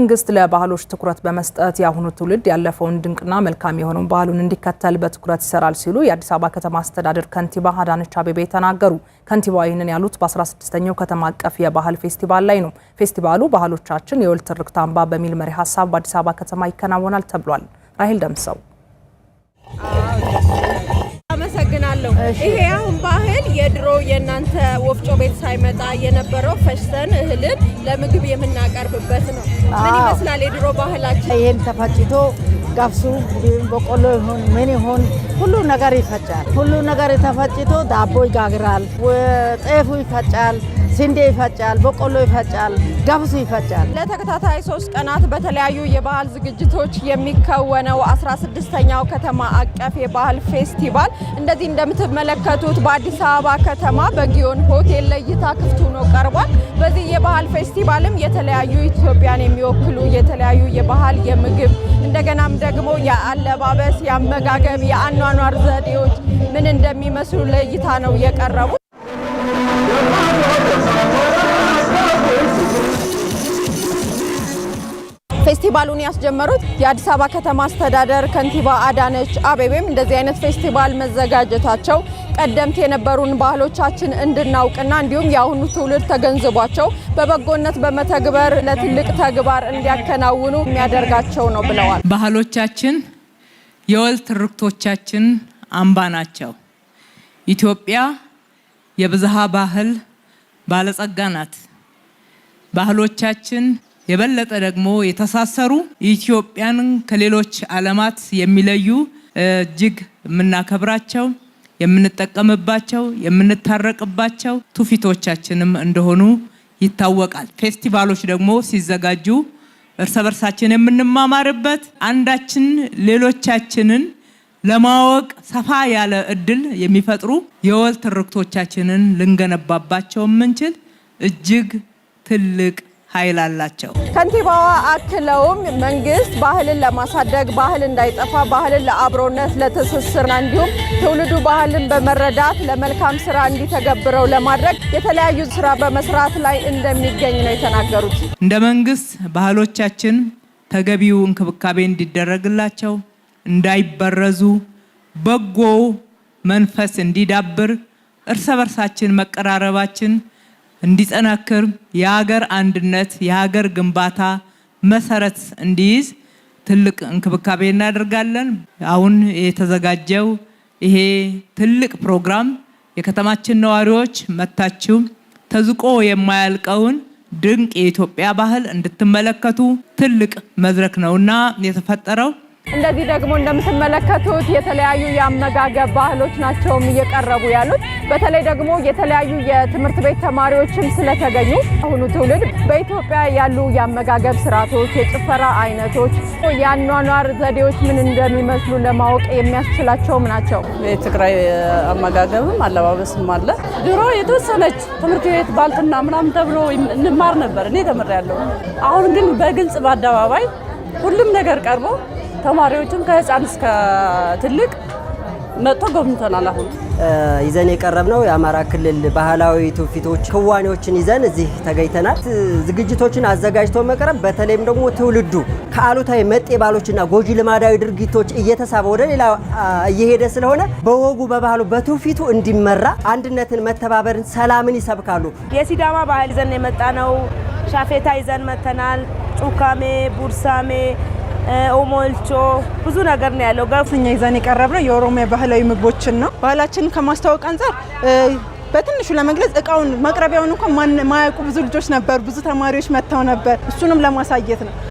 መንግስት ለባህሎች ትኩረት በመስጠት የአሁኑ ትውልድ ያለፈውን ድንቅና መልካም የሆነውን ባህሉን እንዲከተል በትኩረት ይሰራል ሲሉ የአዲስ አበባ ከተማ አስተዳደር ከንቲባ አዳነች አቤቤ ተናገሩ። ከንቲባ ይህንን ያሉት በ16ኛው ከተማ አቀፍ የባህል ፌስቲቫል ላይ ነው። ፌስቲቫሉ ባህሎቻችን የወል ትርክት አምባ በሚል መሪ ሀሳብ በአዲስ አበባ ከተማ ይከናወናል ተብሏል። ራሄል ደምሰው አለው። ይሄ አሁን ባህል የድሮ የእናንተ ወፍጮ ቤት ሳይመጣ የነበረው ፈሽተን እህልን ለምግብ የምናቀርብበት ነው። ምን ይመስላል የድሮ ባህላችን? ይህን ተፈጭቶ ገብሱ በቆሎ ይሁን ምን ይሁን ሁሉ ነገር ይፈጫል። ሁሉ ነገር ተፈጭቶ ዳቦ ይጋግራል፣ ጤፉ ይፈጫል። ስንዴ ይፈጫል፣ በቆሎ ይፈጫል፣ ገብሱ ይፈጫል። ለተከታታይ ሶስት ቀናት በተለያዩ የባህል ዝግጅቶች የሚከወነው 16ኛው ከተማ አቀፍ የባህል ፌስቲቫል እንደዚህ እንደምትመለከቱት በአዲስ አበባ ከተማ በጊዮን ሆቴል ለእይታ ክፍት ሆኖ ቀርቧል። በዚህ የባህል ፌስቲቫልም የተለያዩ ኢትዮጵያን የሚወክሉ የተለያዩ የባህል የምግብ እንደገናም ደግሞ የአለባበስ፣ የአመጋገብ፣ የአኗኗር ዘዴዎች ምን እንደሚመስሉ ለእይታ ነው የቀረቡት። ፌስቲቫሉን ያስጀመሩት የአዲስ አበባ ከተማ አስተዳደር ከንቲባ አዳነች አቤቤም እንደዚህ አይነት ፌስቲቫል መዘጋጀታቸው ቀደምት የነበሩን ባህሎቻችን እንድናውቅና እንዲሁም የአሁኑ ትውልድ ተገንዝቧቸው በበጎነት በመተግበር ለትልቅ ተግባር እንዲያከናውኑ የሚያደርጋቸው ነው ብለዋል። ባህሎቻችን የወል ትርክቶቻችን አምባ ናቸው። ኢትዮጵያ የብዝሃ ባህል ባለጸጋ ናት። ባህሎቻችን የበለጠ ደግሞ የተሳሰሩ ኢትዮጵያን ከሌሎች ዓለማት የሚለዩ እጅግ የምናከብራቸው የምንጠቀምባቸው የምንታረቅባቸው ትውፊቶቻችንም እንደሆኑ ይታወቃል። ፌስቲቫሎች ደግሞ ሲዘጋጁ እርስ በርሳችን የምንማማርበት አንዳችን ሌሎቻችንን ለማወቅ ሰፋ ያለ እድል የሚፈጥሩ የወል ትርክቶቻችንን ልንገነባባቸው የምንችል እጅግ ትልቅ ኃይል አላቸው። ከንቲባዋ አክለውም መንግስት ባህልን ለማሳደግ ባህል እንዳይጠፋ ባህልን ለአብሮነት፣ ለትስስርና እንዲሁም ትውልዱ ባህልን በመረዳት ለመልካም ስራ እንዲተገብረው ለማድረግ የተለያዩ ስራ በመስራት ላይ እንደሚገኝ ነው የተናገሩት። እንደ መንግስት ባህሎቻችን ተገቢው እንክብካቤ እንዲደረግላቸው እንዳይበረዙ፣ በጎ መንፈስ እንዲዳብር እርስ በርሳችን መቀራረባችን እንዲጠናክር የሀገር አንድነት፣ የሀገር ግንባታ መሰረት እንዲይዝ ትልቅ እንክብካቤ እናደርጋለን። አሁን የተዘጋጀው ይሄ ትልቅ ፕሮግራም የከተማችን ነዋሪዎች መታችሁ ተዝቆ የማያልቀውን ድንቅ የኢትዮጵያ ባህል እንድትመለከቱ ትልቅ መድረክ ነውና የተፈጠረው። እንደዚህ ደግሞ እንደምትመለከቱት የተለያዩ የአመጋገብ ባህሎች ናቸውም እየቀረቡ ያሉት። በተለይ ደግሞ የተለያዩ የትምህርት ቤት ተማሪዎችም ስለተገኙ አሁኑ ትውልድ በኢትዮጵያ ያሉ የአመጋገብ ስርዓቶች፣ የጭፈራ አይነቶች፣ የአኗኗር ዘዴዎች ምን እንደሚመስሉ ለማወቅ የሚያስችላቸውም ናቸው። የትግራይ አመጋገብም አለባበስም አለ። ድሮ የተወሰነች ትምህርት ቤት ባልትና ምናምን ተብሎ እንማር ነበር፣ እኔ ተምሬያለሁ። አሁን ግን በግልጽ በአደባባይ ሁሉም ነገር ቀርቦ ተማሪዎችም ከህፃን እስከ ትልቅ መጥቶ ጎብኝተናል። አሁን ይዘን የቀረብነው የአማራ ክልል ባህላዊ ትውፊቶች፣ ክዋኔዎችን ይዘን እዚህ ተገኝተናል። ዝግጅቶችን አዘጋጅቶ መቅረብ በተለይም ደግሞ ትውልዱ ከአሉታዊ መጤ ባሎችና ጎጂ ልማዳዊ ድርጊቶች እየተሳበ ወደ ሌላ እየሄደ ስለሆነ በወጉ በባህሉ በትውፊቱ እንዲመራ አንድነትን፣ መተባበርን፣ ሰላምን ይሰብካሉ። የሲዳማ ባህል ይዘን የመጣ ነው። ሻፌታ ይዘን መተናል። ጩካሜ ቡርሳሜ ኦሞልቾ ብዙ ነገር ነው ያለው። ጋኛ ይዘን የቀረብነው የኦሮሚያ ባህላዊ ምግቦችን ነው። ባህላችንን ከማስተዋወቅ አንጻር በትንሹ ለመግለጽ እቃውን ማቅረቢያውን እንኳን ማያውቁ ብዙ ልጆች ነበር፣ ብዙ ተማሪዎች መጥተው ነበር። እሱንም ለማሳየት ነው።